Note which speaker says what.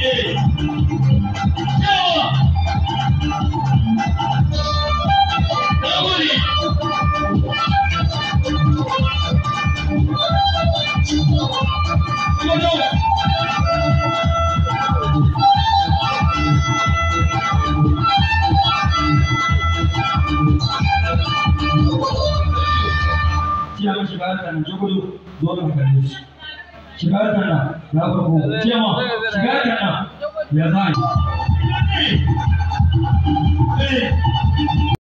Speaker 1: Tiago
Speaker 2: de Vara, Diogo do Dono Recanense. shiga tana ya farko cema shiga tana ya zai